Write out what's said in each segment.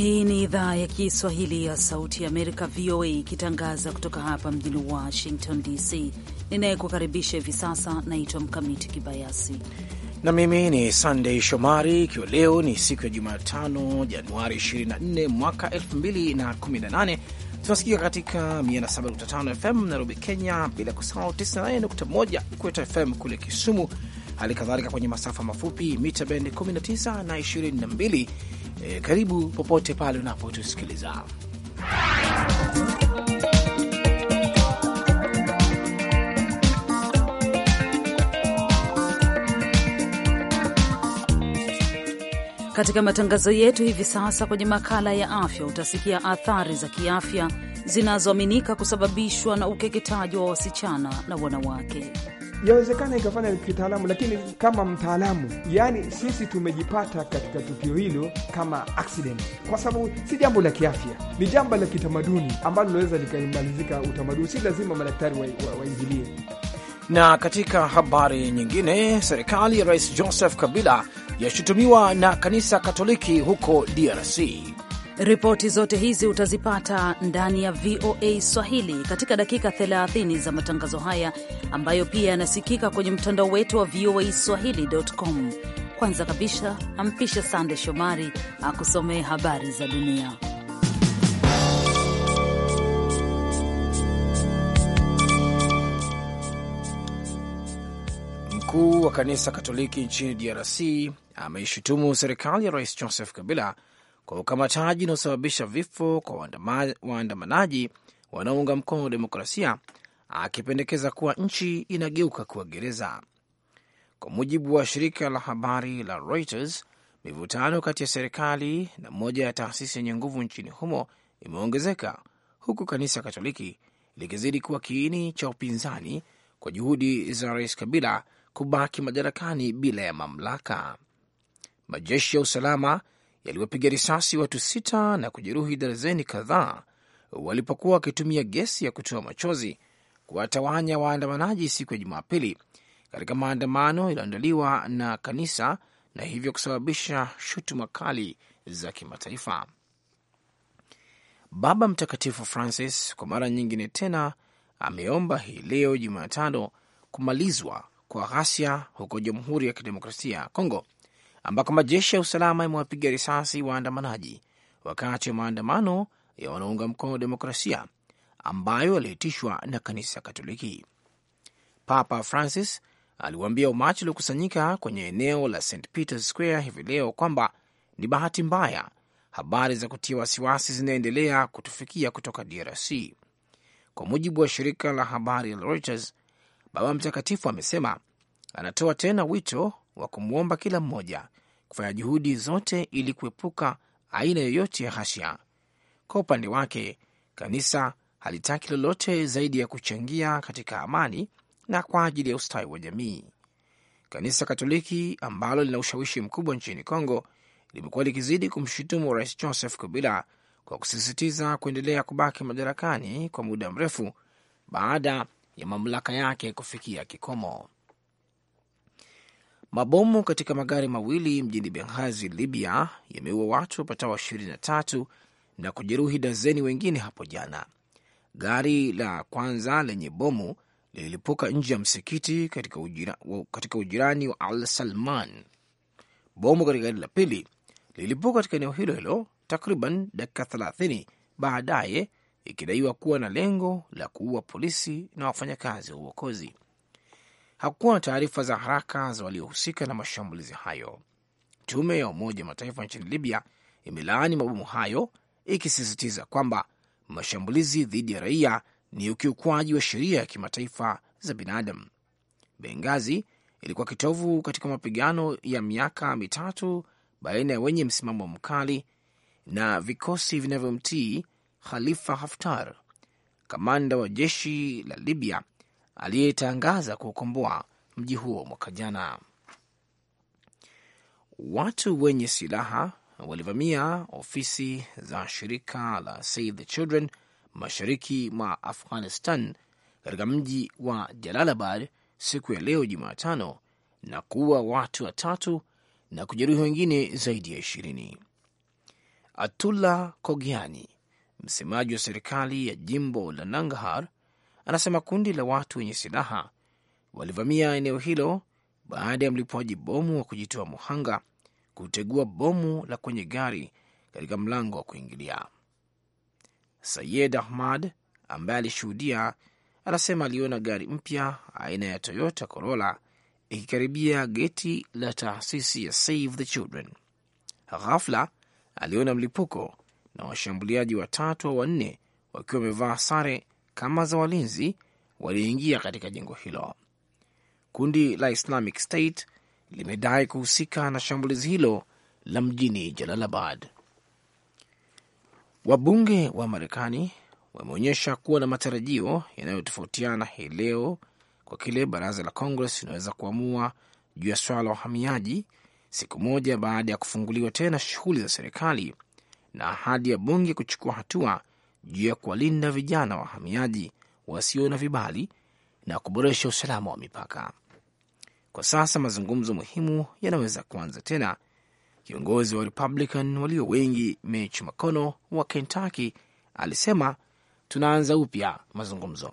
Hii ni idhaa ya Kiswahili ya Sauti ya Amerika, VOA, ikitangaza kutoka hapa mjini Washington DC. Ninayekukaribisha hivi sasa naitwa Mkamiti Kibayasi na mimi ni sandey Shomari, ikiwa leo ni siku ya Jumatano, Januari 24 mwaka 2018. Tunasikika katika 107.5 FM Nairobi, Kenya, bila kusahau 98.1 Ikweta FM kule Kisumu, hali kadhalika kwenye masafa mafupi mita bendi 19 na 22 E, karibu popote pale unapotusikiliza. Katika matangazo yetu hivi sasa, kwenye makala ya afya utasikia athari za kiafya zinazoaminika kusababishwa na ukeketaji wa wasichana na wanawake yawezekana ikafanya kitaalamu, lakini kama mtaalamu, yani sisi tumejipata katika tukio hilo kama accident, kwa sababu si jambo la kiafya, ni jambo la kitamaduni ambalo linaweza likaimalizika utamaduni. Si lazima madaktari waingilie wa, wa na katika habari nyingine, serikali ya Rais Joseph Kabila yashutumiwa na kanisa Katoliki huko DRC. Ripoti zote hizi utazipata ndani ya VOA Swahili katika dakika 30 za matangazo haya ambayo pia yanasikika kwenye mtandao wetu wa VOA Swahili.com. Kwanza kabisa, ampisha Sande Shomari akusomee habari za dunia. Mkuu wa kanisa Katoliki nchini DRC ameishutumu serikali ya Rais Joseph Kabila kwa ukamataji unaosababisha vifo kwa waandamanaji wanaounga mkono demokrasia, akipendekeza kuwa nchi inageuka kuwa gereza. Kwa mujibu wa shirika la habari la Reuters, mivutano kati ya serikali na moja ya taasisi yenye nguvu nchini humo imeongezeka huku kanisa Katoliki likizidi kuwa kiini cha upinzani kwa juhudi za Rais Kabila kubaki madarakani bila ya mamlaka. Majeshi ya usalama yaliwapiga risasi watu sita na kujeruhi darzeni kadhaa walipokuwa wakitumia gesi ya kutoa machozi kuwatawanya waandamanaji siku ya Jumapili katika maandamano yaliyoandaliwa na kanisa na hivyo kusababisha shutuma kali za kimataifa. Baba Mtakatifu Francis kwa mara nyingine tena ameomba hii leo Jumatano kumalizwa kwa ghasia huko Jamhuri ya Kidemokrasia ya Kongo ambako majeshi ya usalama yamewapiga risasi waandamanaji wakati wa maandamano ya wanaunga mkono demokrasia ambayo yaliitishwa na kanisa Katoliki. Papa Francis aliwaambia umati uliokusanyika kwenye eneo la St Peter's Square hivi leo kwamba ni bahati mbaya, habari za kutia wasiwasi zinaendelea kutufikia kutoka DRC. Kwa mujibu wa shirika la habari la Reuters, Baba Mtakatifu amesema anatoa tena wito wa kumwomba kila mmoja kufanya juhudi zote ili kuepuka aina yoyote ya ghasia. Kwa upande wake, kanisa halitaki lolote zaidi ya kuchangia katika amani na kwa ajili ya ustawi wa jamii. Kanisa Katoliki ambalo lina ushawishi mkubwa nchini Kongo limekuwa likizidi kumshutumu Rais Joseph Kabila kwa kusisitiza kuendelea kubaki madarakani kwa muda mrefu baada ya mamlaka yake kufikia kikomo. Mabomu katika magari mawili mjini Benghazi, Libya, yameua watu wapatao ishirini na tatu na kujeruhi dazeni wengine hapo jana. Gari la kwanza lenye bomu lililipuka nje ya msikiti katika, ujira, katika ujirani wa Al Salman. Bomu katika gari la pili lililipuka katika eneo hilo hilo takriban dakika thelathini baadaye, ikidaiwa kuwa na lengo la kuua polisi na wafanyakazi wa uokozi hakuwa na taarifa za haraka za waliohusika na mashambulizi hayo. Tume ya Umoja Mataifa nchini Libya imelaani mabomu hayo ikisisitiza kwamba mashambulizi dhidi ya raia ni ukiukwaji wa sheria ya kimataifa za binadamu. Bengazi ilikuwa kitovu katika mapigano ya miaka mitatu baina ya wenye msimamo mkali na vikosi vinavyomtii Khalifa Haftar, kamanda wa jeshi la Libya aliyetangaza kuukomboa mji huo mwaka jana. Watu wenye silaha walivamia ofisi za shirika la Save the Children mashariki mwa Afghanistan katika mji wa Jalalabad siku ya leo Jumatano na kuua watu watatu na kujeruhi wengine zaidi ya ishirini. Atullah Kogiani, msemaji wa serikali ya jimbo la Nangarhar, anasema kundi la watu wenye silaha walivamia eneo hilo baada ya mlipuaji bomu wa kujitoa muhanga kutegua bomu la kwenye gari katika mlango wa kuingilia. Sayed Ahmad ambaye alishuhudia anasema aliona gari mpya aina ya Toyota Corolla ikikaribia geti la taasisi ya Save the Children. Ghafla aliona mlipuko na washambuliaji watatu au wanne wakiwa wamevaa sare kama za walinzi waliingia katika jengo hilo. Kundi la Islamic State limedai kuhusika na shambulizi hilo la mjini Jalalabad. Wabunge wa Marekani wameonyesha kuwa na matarajio yanayotofautiana hii leo kwa kile baraza la Congress linaweza kuamua juu ya swala la uhamiaji, siku moja baada ya kufunguliwa tena shughuli za serikali na ahadi ya bunge kuchukua hatua juu ya kuwalinda vijana wahamiaji wasio na vibali na kuboresha usalama wa mipaka. Kwa sasa mazungumzo muhimu yanaweza kuanza tena. Kiongozi wa Republican walio wengi Mitch McConnell wa Kentucky alisema tunaanza upya mazungumzo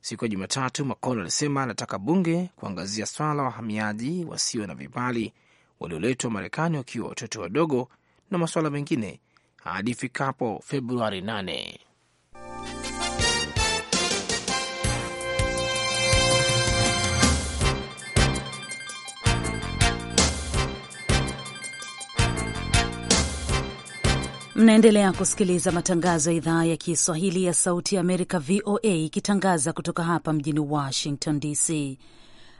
siku ya Jumatatu. McConnell alisema anataka bunge kuangazia swala la wahamiaji wasio na vibali walioletwa Marekani wakiwa watoto wadogo na masuala mengine hadi ifikapo Februari 8. Mnaendelea kusikiliza matangazo ya idhaa ya Kiswahili ya Sauti ya Amerika, VOA, ikitangaza kutoka hapa mjini Washington DC.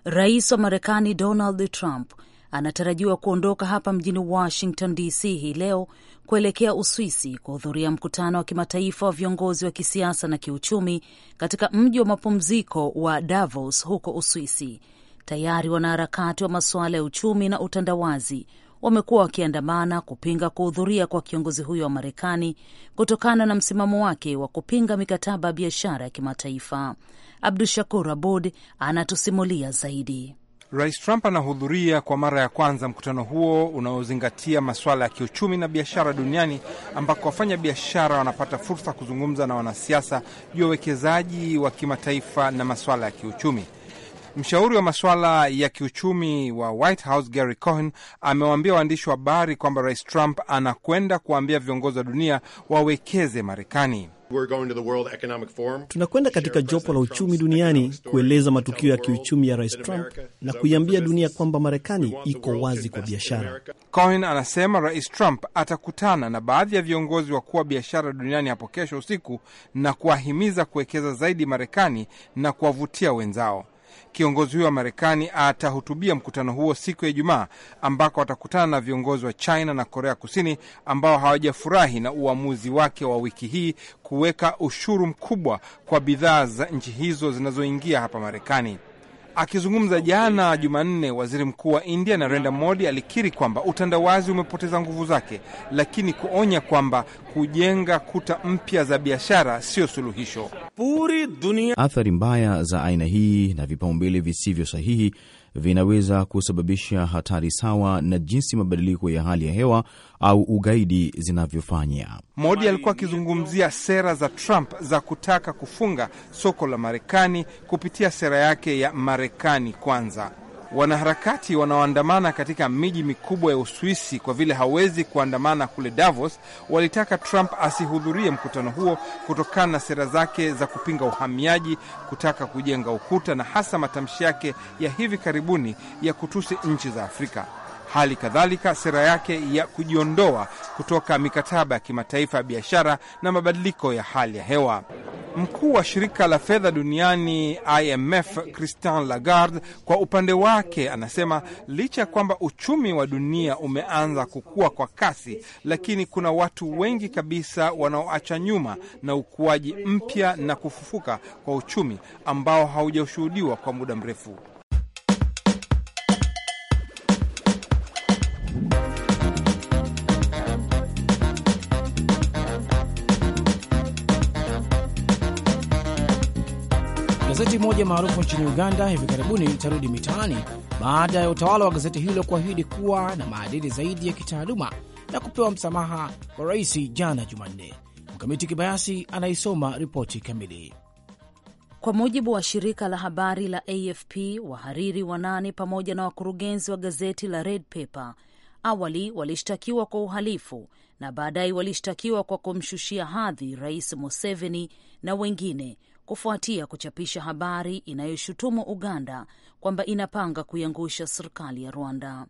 Rais wa Marekani Donald Trump anatarajiwa kuondoka hapa mjini Washington DC hii leo kuelekea Uswisi kuhudhuria mkutano wa kimataifa wa viongozi wa kisiasa na kiuchumi katika mji wa mapumziko wa Davos huko Uswisi. Tayari wanaharakati wa masuala ya uchumi na utandawazi wamekuwa wakiandamana kupinga kuhudhuria kwa kiongozi huyo wa Marekani kutokana na msimamo wake wa kupinga mikataba ya biashara ya kimataifa. Abdu Shakur Abud anatusimulia zaidi. Rais Trump anahudhuria kwa mara ya kwanza mkutano huo unaozingatia masuala ya kiuchumi na biashara duniani ambako wafanya biashara wanapata fursa kuzungumza na wanasiasa juu ya uwekezaji wa kimataifa na masuala ya kiuchumi. Mshauri wa masuala ya kiuchumi wa White House Gary Cohen amewaambia waandishi wa habari kwamba Rais Trump anakwenda kuwaambia viongozi wa dunia wawekeze Marekani. Tunakwenda katika jopo la uchumi duniani kueleza matukio ya kiuchumi ya Rais Trump na kuiambia dunia kwamba Marekani iko wazi kwa biashara. Cohen anasema Rais Trump atakutana na baadhi ya viongozi wakuu wa biashara duniani hapo kesho usiku na kuwahimiza kuwekeza zaidi Marekani na kuwavutia wenzao. Kiongozi huyo wa Marekani atahutubia mkutano huo siku ya Ijumaa, ambako atakutana na viongozi wa China na Korea Kusini ambao hawajafurahi na uamuzi wake wa wiki hii kuweka ushuru mkubwa kwa bidhaa za nchi hizo zinazoingia hapa Marekani. Akizungumza jana Jumanne, waziri mkuu wa India Narendra Modi alikiri kwamba utandawazi umepoteza nguvu zake, lakini kuonya kwamba kujenga kuta mpya za biashara sio suluhisho. Athari mbaya za aina hii na vipaumbele visivyo sahihi vinaweza kusababisha hatari sawa na jinsi mabadiliko ya hali ya hewa au ugaidi zinavyofanya. Modi alikuwa akizungumzia sera za Trump za kutaka kufunga soko la Marekani kupitia sera yake ya Marekani kwanza. Wanaharakati wanaoandamana katika miji mikubwa ya Uswisi kwa vile hawezi kuandamana kule Davos, walitaka Trump asihudhurie mkutano huo kutokana na sera zake za kupinga uhamiaji, kutaka kujenga ukuta na hasa matamshi yake ya hivi karibuni ya kutusi nchi za Afrika. Hali kadhalika sera yake ya kujiondoa kutoka mikataba ya kimataifa ya biashara na mabadiliko ya hali ya hewa. Mkuu wa shirika la fedha duniani IMF Christian Lagarde kwa upande wake anasema licha ya kwamba uchumi wa dunia umeanza kukua kwa kasi, lakini kuna watu wengi kabisa wanaoacha nyuma na ukuaji mpya na kufufuka kwa uchumi ambao haujashuhudiwa kwa muda mrefu. Gazeti moja maarufu nchini Uganda hivi karibuni litarudi mitaani baada ya utawala wa gazeti hilo kuahidi kuwa na maadili zaidi ya kitaaluma na kupewa msamaha wa rais jana Jumanne. Mkamiti Kibayasi anaisoma ripoti kamili. Kwa mujibu wa shirika la habari la AFP, wahariri wanane pamoja na wakurugenzi wa gazeti la Red Pepper awali walishtakiwa kwa uhalifu na baadaye walishtakiwa kwa kumshushia hadhi rais Museveni na wengine kufuatia kuchapisha habari inayoshutumu Uganda kwamba inapanga kuiangusha serikali ya Rwanda.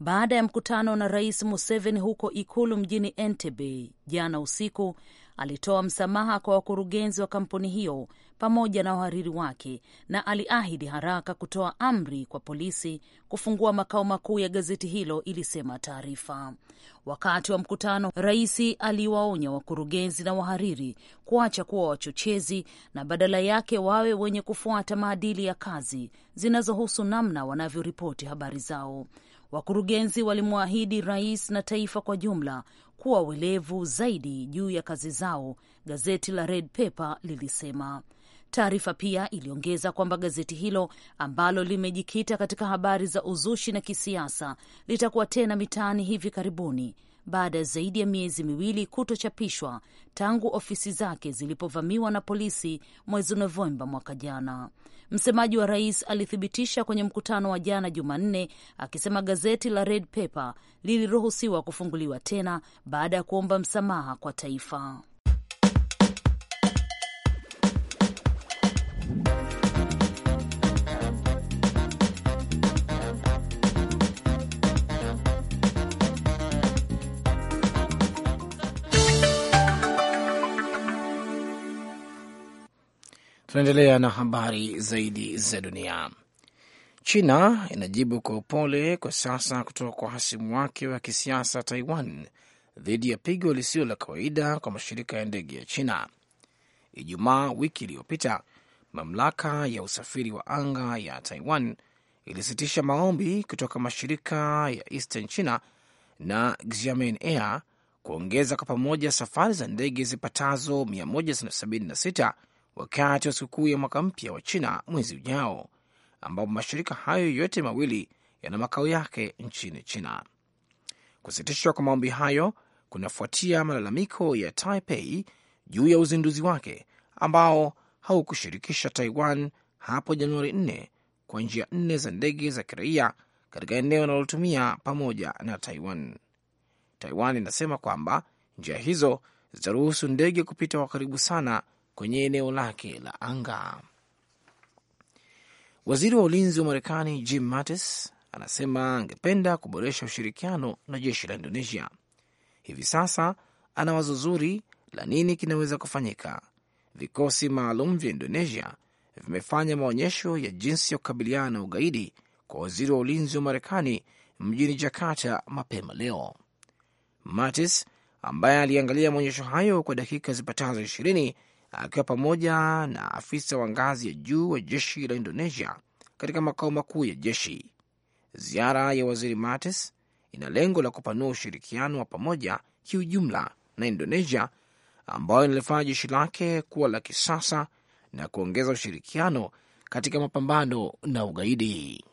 Baada ya mkutano na Rais Museveni huko ikulu mjini Entebbe jana usiku, alitoa msamaha kwa wakurugenzi wa kampuni hiyo pamoja na wahariri wake na aliahidi haraka kutoa amri kwa polisi kufungua makao makuu ya gazeti hilo, ilisema taarifa. Wakati wa mkutano, rais aliwaonya wakurugenzi na wahariri kuacha kuwa wachochezi na badala yake wawe wenye kufuata maadili ya kazi zinazohusu namna wanavyoripoti habari zao. Wakurugenzi walimwahidi rais na taifa kwa jumla kuwa welevu zaidi juu ya kazi zao, gazeti la Red Pepper lilisema. Taarifa pia iliongeza kwamba gazeti hilo ambalo limejikita katika habari za uzushi na kisiasa litakuwa tena mitaani hivi karibuni baada ya zaidi ya miezi miwili kutochapishwa tangu ofisi zake zilipovamiwa na polisi mwezi Novemba mwaka jana. Msemaji wa rais alithibitisha kwenye mkutano wa jana Jumanne akisema gazeti la Red Pepper liliruhusiwa kufunguliwa tena baada ya kuomba msamaha kwa taifa. Tunaendelea na habari zaidi za dunia. China inajibu kwa upole kwa sasa kutoka kwa hasimu wake wa kisiasa Taiwan dhidi ya pigo lisilo la kawaida kwa mashirika ya ndege ya China. Ijumaa wiki iliyopita, mamlaka ya usafiri wa anga ya Taiwan ilisitisha maombi kutoka mashirika ya Eastern China na Xiamen Air kuongeza kwa pamoja safari za ndege zipatazo 176 wakati wa sikukuu ya mwaka mpya wa China mwezi ujao, ambapo mashirika hayo yote mawili yana makao yake nchini China. Kusitishwa kwa maombi hayo kunafuatia malalamiko ya Taipei juu ya uzinduzi wake ambao haukushirikisha Taiwan hapo Januari 4 kwa njia nne za ndege za kiraia katika eneo linalotumia pamoja na Taiwan. Taiwan inasema kwamba njia hizo zitaruhusu ndege kupita kwa karibu sana kwenye eneo lake la anga. Waziri wa ulinzi wa Marekani Jim Mattis anasema angependa kuboresha ushirikiano na jeshi la Indonesia. Hivi sasa ana wazo zuri la nini kinaweza kufanyika. Vikosi maalum vya Indonesia vimefanya maonyesho ya jinsi ya kukabiliana na ugaidi kwa waziri wa ulinzi wa Marekani mjini Jakarta mapema leo. Mattis ambaye aliangalia maonyesho hayo kwa dakika zipatazo ishirini akiwa pamoja na afisa wa ngazi ya juu wa jeshi la Indonesia katika makao makuu ya jeshi. Ziara ya waziri Mattis ina lengo la kupanua ushirikiano wa pamoja kiujumla na Indonesia, ambayo inalifanya jeshi lake kuwa la kisasa na kuongeza ushirikiano katika mapambano na ugaidi.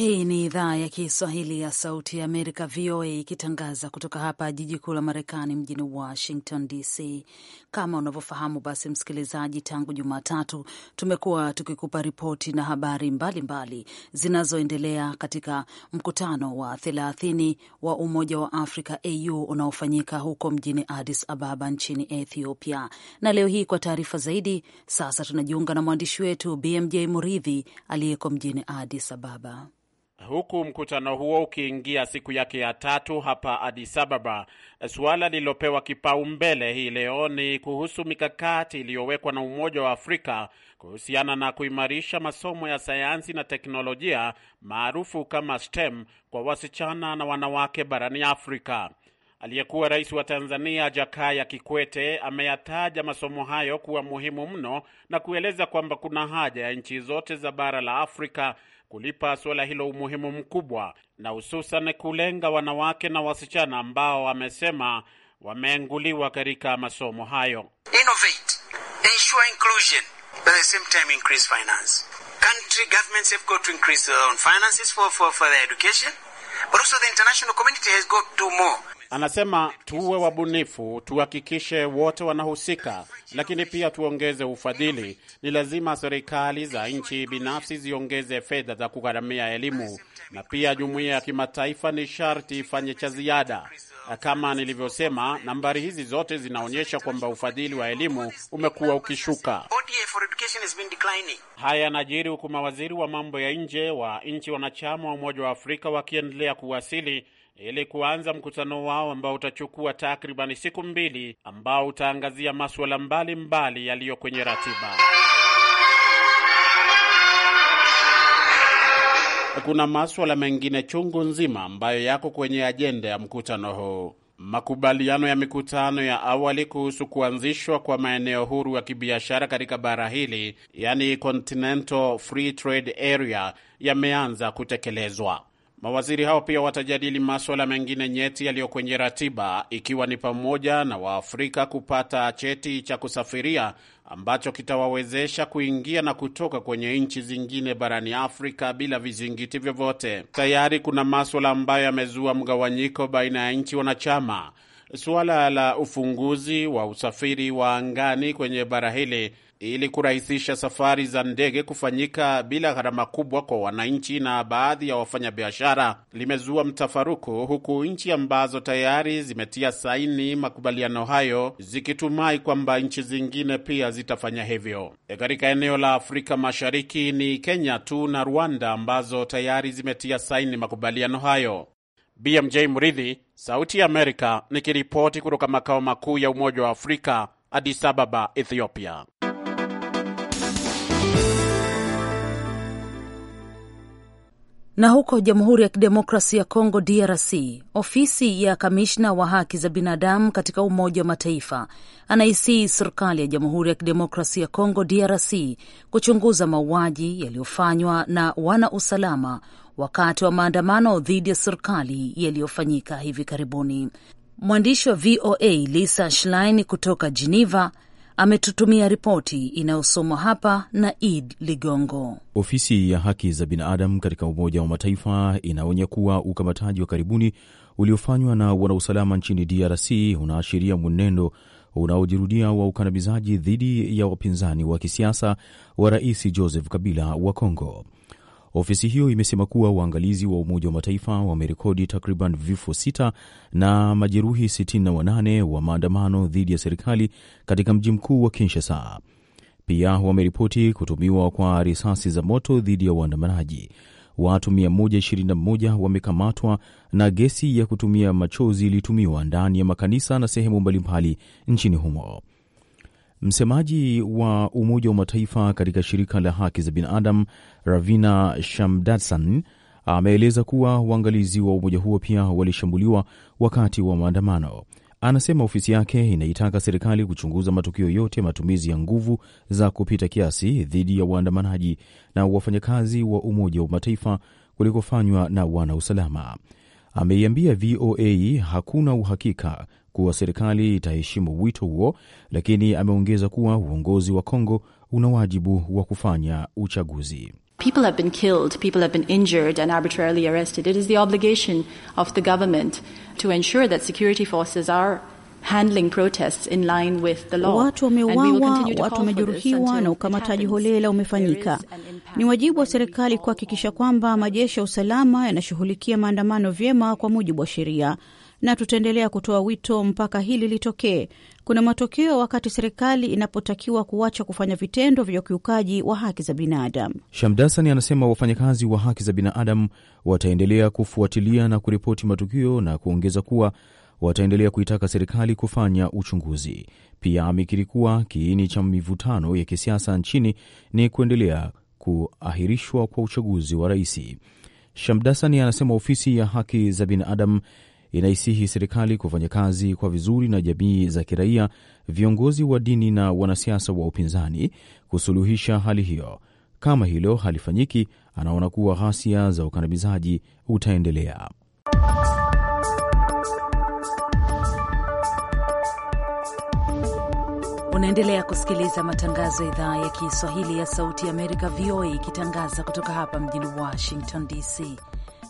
Hii ni idhaa ya Kiswahili ya Sauti ya Amerika, VOA, ikitangaza kutoka hapa jiji kuu la Marekani, mjini Washington DC. Kama unavyofahamu, basi msikilizaji, tangu Jumatatu tumekuwa tukikupa ripoti na habari mbalimbali zinazoendelea katika mkutano wa thelathini wa Umoja wa Afrika, AU, unaofanyika huko mjini Addis Ababa nchini Ethiopia. Na leo hii kwa taarifa zaidi, sasa tunajiunga na mwandishi wetu BMJ Muridhi aliyeko mjini Addis Ababa. Huku mkutano huo ukiingia siku yake ya tatu hapa Addis Ababa, suala lililopewa kipaumbele hii leo ni kuhusu mikakati iliyowekwa na Umoja wa Afrika kuhusiana na kuimarisha masomo ya sayansi na teknolojia maarufu kama STEM kwa wasichana na wanawake barani Afrika. Aliyekuwa rais wa Tanzania Jakaya Kikwete ameyataja masomo hayo kuwa muhimu mno na kueleza kwamba kuna haja ya nchi zote za bara la Afrika kulipa suala hilo umuhimu mkubwa na hususan kulenga wanawake na wasichana ambao amesema wameenguliwa katika masomo hayo. Innovate, ensure inclusion, but at the same time increase finance. Country governments have got to increase their own finances for, for, for their education, but also the international community has got to do more. Anasema tuwe wabunifu, tuhakikishe wote wanahusika, lakini pia tuongeze ufadhili. Ni lazima serikali za nchi binafsi ziongeze fedha za kugharamia elimu, na pia jumuiya ya kimataifa ni sharti ifanye cha ziada. Kama nilivyosema, nambari hizi zote zinaonyesha kwamba ufadhili wa elimu umekuwa ukishuka. Haya yanajiri huku mawaziri wa mambo ya nje wa nchi wanachama wa Umoja wa Afrika wakiendelea kuwasili ili kuanza mkutano wao ambao utachukua takribani siku mbili, ambao utaangazia masuala mbalimbali yaliyo kwenye ratiba. Kuna maswala mengine chungu nzima ambayo yako kwenye ajenda ya mkutano huu. Makubaliano ya mikutano ya awali kuhusu kuanzishwa kwa maeneo huru ya kibiashara katika bara hili, yani Continental Free Trade Area, yameanza kutekelezwa. Mawaziri hao pia watajadili maswala mengine nyeti yaliyo kwenye ratiba ikiwa ni pamoja na Waafrika kupata cheti cha kusafiria ambacho kitawawezesha kuingia na kutoka kwenye nchi zingine barani Afrika bila vizingiti vyovyote. Tayari kuna maswala ambayo yamezua mgawanyiko baina ya nchi wanachama. Suala la ufunguzi wa usafiri wa angani kwenye bara hili ili kurahisisha safari za ndege kufanyika bila gharama kubwa kwa wananchi na baadhi ya wafanyabiashara, limezua mtafaruku, huku nchi ambazo tayari zimetia saini makubaliano hayo zikitumai kwamba nchi zingine pia zitafanya hivyo. E, katika eneo la Afrika Mashariki ni Kenya tu na Rwanda ambazo tayari zimetia saini makubaliano hayo. BMJ Mridhi, Sauti ya Amerika, nikiripoti kutoka makao makuu ya Umoja wa Afrika, Addis Ababa, Ethiopia. Na huko Jamhuri ya Kidemokrasi ya Kongo, DRC, ofisi ya kamishna wa haki za binadamu katika Umoja wa Mataifa anaisii serikali ya Jamhuri ya Kidemokrasi ya Kongo, DRC, kuchunguza mauaji yaliyofanywa na wana usalama wakati wa maandamano dhidi ya serikali yaliyofanyika hivi karibuni. Mwandishi wa VOA Lisa Schlein kutoka Geneva ametutumia ripoti inayosomwa hapa na Id Ligongo. Ofisi ya haki za binadamu katika Umoja wa Mataifa inaonya kuwa ukamataji wa karibuni uliofanywa na wanausalama nchini DRC unaashiria mwenendo unaojirudia wa ukandamizaji dhidi ya wapinzani wa kisiasa wa Rais Joseph Kabila wa Kongo. Ofisi hiyo imesema kuwa waangalizi wa Umoja wa Mataifa wamerekodi takriban vifo sita na majeruhi 68 wa maandamano dhidi ya serikali katika mji mkuu wa Kinshasa. Pia wameripoti kutumiwa kwa risasi za moto dhidi ya waandamanaji. Watu 121 wamekamatwa na gesi ya kutumia machozi ilitumiwa ndani ya makanisa na sehemu mbalimbali nchini humo. Msemaji wa Umoja wa Mataifa katika shirika la haki za binadamu Ravina Shamdasan ameeleza kuwa waangalizi wa umoja huo pia walishambuliwa wakati wa maandamano. Anasema ofisi yake inaitaka serikali kuchunguza matukio yote matumizi ya nguvu za kupita kiasi dhidi ya waandamanaji na wafanyakazi wa Umoja wa Mataifa kulikofanywa na wanausalama. Ameiambia VOA hakuna uhakika kuwa serikali itaheshimu wito huo, lakini ameongeza kuwa uongozi wa Kongo una wajibu wa kufanya uchaguzi. People have been killed, people have been injured and arbitrarily arrested. It is the obligation of the government to ensure that security forces are handling protests in line with the law. Watu wameuawa, watu wamejeruhiwa na ukamataji holela umefanyika. Ni wajibu wa serikali kuhakikisha kwamba majeshi ya usalama yanashughulikia maandamano vyema kwa mujibu wa sheria na tutaendelea kutoa wito mpaka hili litokee. Kuna matokeo wakati serikali inapotakiwa kuacha kufanya vitendo vya ukiukaji wa haki za binadamu. Shamdasani anasema wafanyakazi wa haki za binadamu wataendelea kufuatilia na kuripoti matukio na kuongeza kuwa wataendelea kuitaka serikali kufanya uchunguzi. Pia amekiri kuwa kiini cha mivutano ya kisiasa nchini ni kuendelea kuahirishwa kwa uchaguzi wa raisi Shamdasani anasema ofisi ya haki za binadamu inaisihi serikali kufanya kazi kwa vizuri na jamii za kiraia, viongozi wa dini na wanasiasa wa upinzani kusuluhisha hali hiyo. Kama hilo halifanyiki, anaona kuwa ghasia za ukandamizaji utaendelea. Unaendelea kusikiliza matangazo ya idhaa ya Kiswahili ya Sauti ya Amerika, VOA, ikitangaza kutoka hapa mjini Washington DC.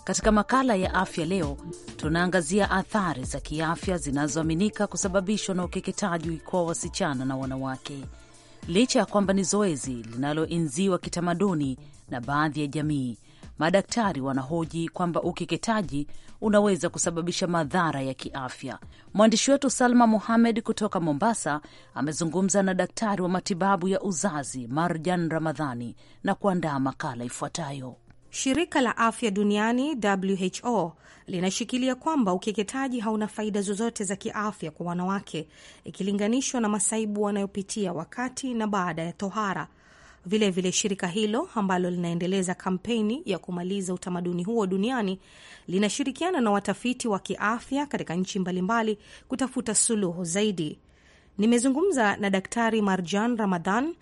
Katika makala ya afya leo, tunaangazia athari za kiafya zinazoaminika kusababishwa na ukeketaji kwa wasichana na wanawake. Licha ya kwamba ni zoezi linaloenziwa kitamaduni na baadhi ya jamii, madaktari wanahoji kwamba ukeketaji unaweza kusababisha madhara ya kiafya. Mwandishi wetu Salma muhamed kutoka Mombasa amezungumza na daktari wa matibabu ya uzazi Marjan Ramadhani na kuandaa makala ifuatayo. Shirika la afya duniani WHO linashikilia kwamba ukeketaji hauna faida zozote za kiafya kwa wanawake ikilinganishwa na masaibu wanayopitia wakati na baada ya tohara. Vilevile vile shirika hilo ambalo linaendeleza kampeni ya kumaliza utamaduni huo duniani linashirikiana na watafiti wa kiafya katika nchi mbalimbali kutafuta suluhu zaidi. Nimezungumza na Daktari Marjan Ramadhan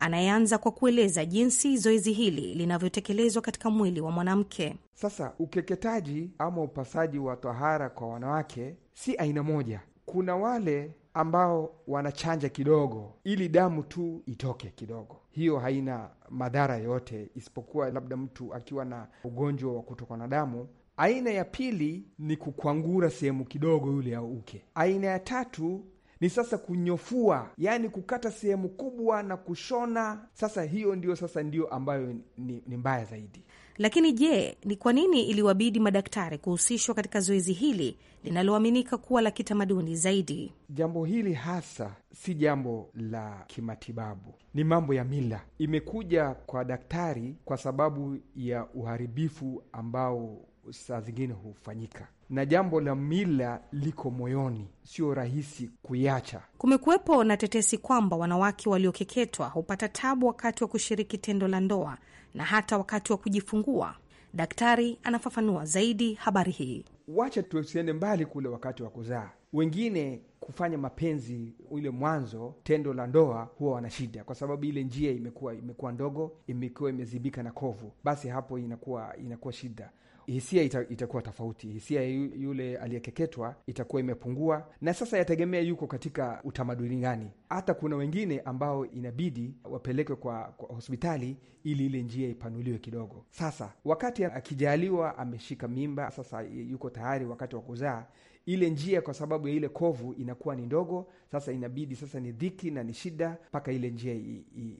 anayeanza kwa kueleza jinsi zoezi hili linavyotekelezwa katika mwili wa mwanamke. Sasa ukeketaji ama upasaji wa tohara kwa wanawake si aina moja. Kuna wale ambao wanachanja kidogo ili damu tu itoke kidogo. Hiyo haina madhara yote, isipokuwa labda mtu akiwa na ugonjwa wa kutokwa na damu. Aina ya pili ni kukwangura sehemu kidogo yule ya uke. Aina ya tatu ni sasa kunyofua, yaani kukata sehemu kubwa na kushona. Sasa hiyo ndio sasa ndio ambayo ni, ni mbaya zaidi. Lakini je, ni kwa nini iliwabidi madaktari kuhusishwa katika zoezi hili linaloaminika kuwa la kitamaduni zaidi? Jambo hili hasa si jambo la kimatibabu, ni mambo ya mila. Imekuja kwa daktari kwa sababu ya uharibifu ambao saa zingine hufanyika na jambo la mila liko moyoni, sio rahisi kuiacha. Kumekuwepo na tetesi kwamba wanawake waliokeketwa hupata tabu wakati wa kushiriki tendo la ndoa na hata wakati wa kujifungua. Daktari anafafanua zaidi habari hii. Wacha tusiende mbali kule wakati wa kuzaa, wengine kufanya mapenzi, ule mwanzo tendo la ndoa, huwa wana shida, kwa sababu ile njia imekuwa imekuwa ndogo, imekuwa imezibika na kovu, basi hapo inakuwa inakuwa shida hisia ita, itakuwa tofauti. Hisia yule aliyekeketwa itakuwa imepungua, na sasa yategemea yuko katika utamaduni gani. Hata kuna wengine ambao inabidi wapelekwe kwa, kwa hospitali ili ile njia ipanuliwe kidogo. Sasa wakati akijaliwa ameshika mimba, sasa yuko tayari wakati wa kuzaa, ile njia kwa sababu ya ile kovu inakuwa ni ndogo. Sasa inabidi sasa ni dhiki na ni shida mpaka ile njia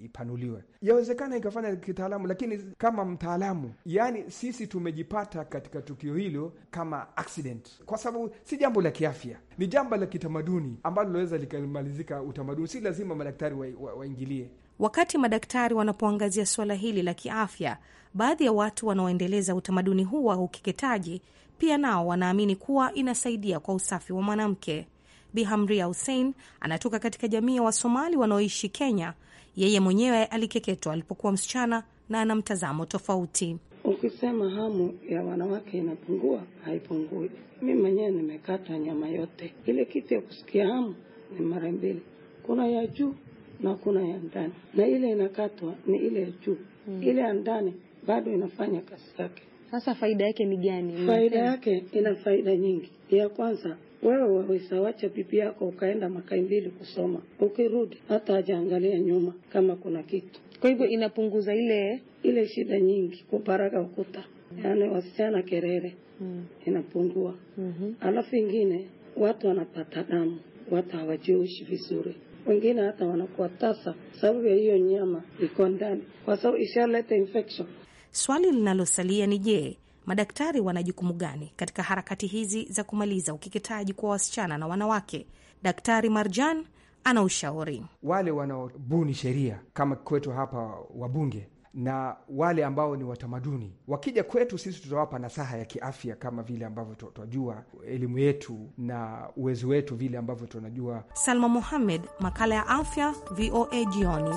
ipanuliwe. Yawezekana ikafanya kitaalamu, lakini kama mtaalamu, yani sisi tumejipata katika tukio hilo kama accident, kwa sababu si jambo la kiafya, ni jambo la kitamaduni ambalo linaweza likamalizika utamaduni. Si lazima madaktari waingilie wa, wa Wakati madaktari wanapoangazia suala hili la kiafya, baadhi ya watu wanaoendeleza utamaduni huu wa ukeketaji pia nao wanaamini kuwa inasaidia kwa usafi wa mwanamke. Bihamria Hussein anatoka katika jamii ya Wasomali wanaoishi Kenya. Yeye mwenyewe alikeketwa alipokuwa msichana na ana mtazamo tofauti. Ukisema hamu ya wanawake inapungua, haipungui. Mi mwenyewe nimekata nyama yote. Ile kitu ya kusikia hamu ni mara mbili, kuna ya juu na kuna ya ndani, na ile inakatwa ni ile ya juu. Mm. Ile ya ndani bado inafanya kazi yake. Sasa faida yake ni gani? Faida yake ina faida nyingi. Ya kwanza wewe waweza wacha bibi yako ukaenda makai mbili kusoma, ukirudi hata hajaangalia nyuma kama kuna kitu. Kwa hivyo inapunguza ile ile shida nyingi kuparaga ukuta, yaani wasichana kerere mm. inapungua mm -hmm. Alafu ingine watu wanapata damu, watu hawajeushi vizuri wengine hata wanakuwa tasa sababu ya hiyo nyama iko ndani, kwa sababu ishaleta infection. Swali linalosalia ni je, madaktari wana jukumu gani katika harakati hizi za kumaliza ukeketaji kwa wasichana na wanawake? Daktari Marjan ana ushauri wale wanaobuni sheria kama kwetu hapa wabunge na wale ambao ni watamaduni wakija kwetu sisi, tutawapa nasaha ya kiafya kama vile ambavyo twajua elimu yetu na uwezo wetu vile ambavyo tunajua. Salma Muhammed, makala ya afya, VOA jioni.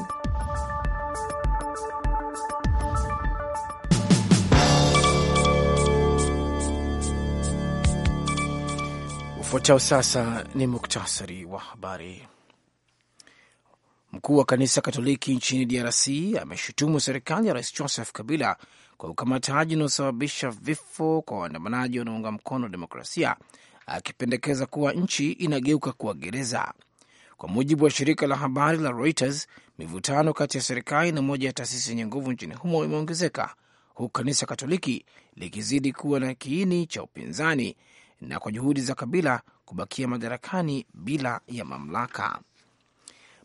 Ufuatao sasa ni muktasari wa habari. Mkuu wa kanisa Katoliki nchini DRC ameshutumu serikali ya rais Joseph Kabila kwa ukamataji unaosababisha vifo kwa waandamanaji wanaounga mkono demokrasia, akipendekeza kuwa nchi inageuka kuwa gereza. Kwa mujibu wa shirika la habari la Reuters, mivutano kati ya serikali na moja ya taasisi yenye nguvu nchini humo imeongezeka huku kanisa Katoliki likizidi kuwa na kiini cha upinzani na kwa juhudi za Kabila kubakia madarakani bila ya mamlaka.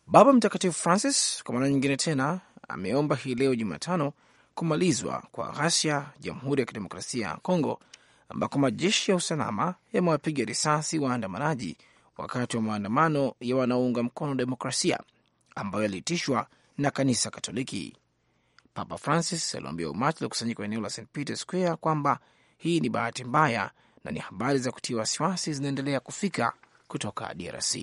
Baba Mtakatifu Francis kwa mara nyingine tena ameomba hii leo Jumatano kumalizwa kwa ghasia Jamhuri ya Kidemokrasia ya Kongo, ambako majeshi ya usalama yamewapiga risasi waandamanaji wakati wa maandamano ya wanaounga mkono demokrasia ambayo yaliitishwa na kanisa Katoliki. Papa Francis aliwaambia umati uliokusanyika eneo la St Peter Square kwamba hii ni bahati mbaya na ni habari za kutia wasiwasi zinaendelea kufika kutoka DRC.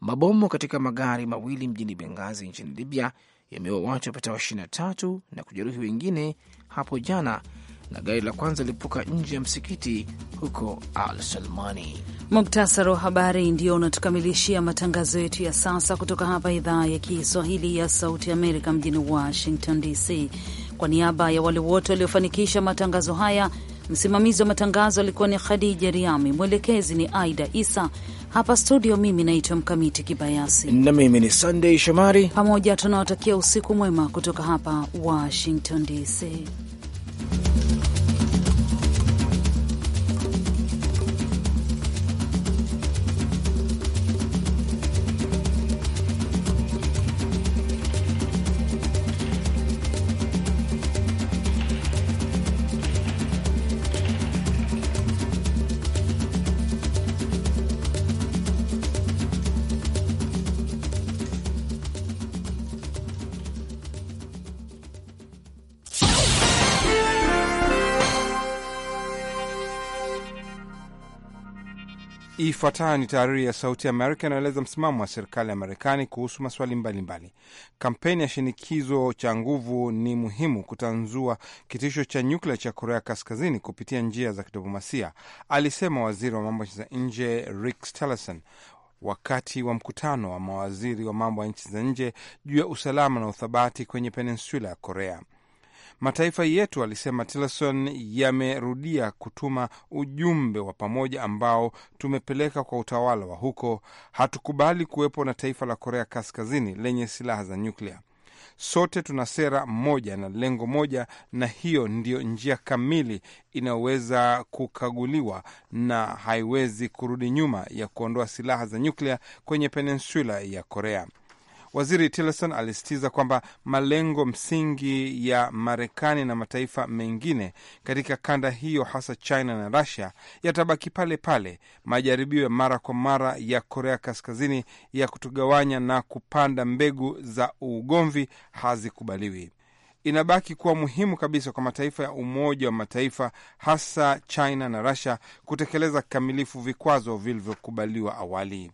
Mabomu katika magari mawili mjini Bengazi nchini Libya yameua watu wapatao 23 na kujeruhi wengine hapo jana na gari la kwanza lilipuka nje ya msikiti huko Al Salmani. Muktasari wa habari ndio unatukamilishia matangazo yetu ya sasa kutoka hapa idhaa ya Kiswahili ya Sauti Amerika mjini Washington DC. Kwa niaba ya wale wote waliofanikisha matangazo haya Msimamizi wa matangazo alikuwa ni Khadija Riami, mwelekezi ni Aida Isa. Hapa studio mimi naitwa Mkamiti Kibayasi na mimi ni sandey Shomari. Pamoja tunawatakia usiku mwema kutoka hapa Washington DC. Ifuatayo ni tahariri ya Sauti ya Amerika inaeleza msimamo wa serikali ya Marekani kuhusu maswali mbalimbali Kampeni ya shinikizo cha nguvu ni muhimu kutanzua kitisho cha nyuklia cha Korea Kaskazini kupitia njia za kidiplomasia, alisema waziri wa mambo za nje Rick Tillerson wakati wa mkutano wa mawaziri wa mambo ya nchi za nje juu ya usalama na uthabati kwenye peninsula ya Korea. Mataifa yetu, alisema Tillerson, yamerudia kutuma ujumbe wa pamoja ambao tumepeleka kwa utawala wa huko: hatukubali kuwepo na taifa la Korea Kaskazini lenye silaha za nyuklia. Sote tuna sera moja na lengo moja, na hiyo ndiyo njia kamili inayoweza kukaguliwa na haiwezi kurudi nyuma ya kuondoa silaha za nyuklia kwenye peninsula ya Korea. Waziri Tillerson alisisitiza kwamba malengo msingi ya Marekani na mataifa mengine katika kanda hiyo, hasa China na Russia, yatabaki pale pale. Majaribio ya mara kwa mara ya Korea Kaskazini ya kutugawanya na kupanda mbegu za ugomvi hazikubaliwi. Inabaki kuwa muhimu kabisa kwa mataifa ya Umoja wa Mataifa, hasa China na Russia, kutekeleza kikamilifu vikwazo vilivyokubaliwa awali.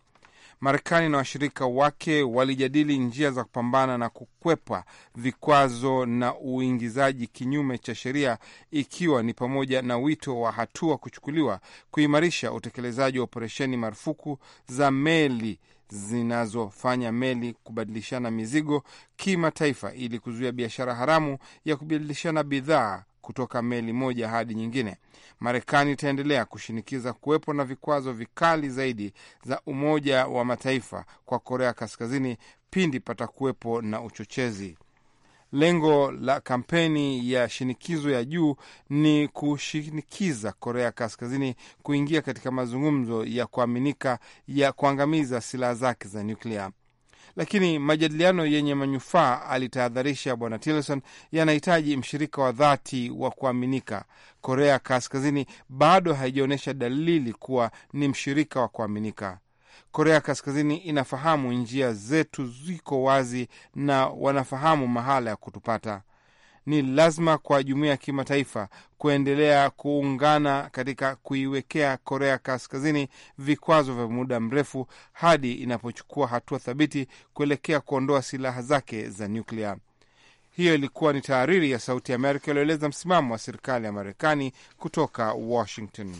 Marekani na washirika wake walijadili njia za kupambana na kukwepa vikwazo na uingizaji kinyume cha sheria, ikiwa ni pamoja na wito wa hatua kuchukuliwa kuimarisha utekelezaji wa operesheni marufuku za meli zinazofanya meli kubadilishana mizigo kimataifa ili kuzuia biashara haramu ya kubadilishana bidhaa kutoka meli moja hadi nyingine. Marekani itaendelea kushinikiza kuwepo na vikwazo vikali zaidi za Umoja wa Mataifa kwa Korea Kaskazini pindi patakuwepo na uchochezi. Lengo la kampeni ya shinikizo ya juu ni kushinikiza Korea Kaskazini kuingia katika mazungumzo ya kuaminika ya kuangamiza silaha zake za nyuklia lakini majadiliano yenye manufaa, alitahadharisha Bwana Tillerson, yanahitaji mshirika wa dhati wa kuaminika. Korea Kaskazini bado haijaonyesha dalili kuwa ni mshirika wa kuaminika. Korea Kaskazini inafahamu njia zetu ziko wazi na wanafahamu mahala ya kutupata ni lazima kwa jumuiya ya kimataifa kuendelea kuungana katika kuiwekea Korea Kaskazini vikwazo vya muda mrefu hadi inapochukua hatua thabiti kuelekea kuondoa silaha zake za nyuklia. Hiyo ilikuwa ni tahariri ya Sauti ya Amerika iliyoeleza msimamo wa serikali ya Marekani kutoka Washington.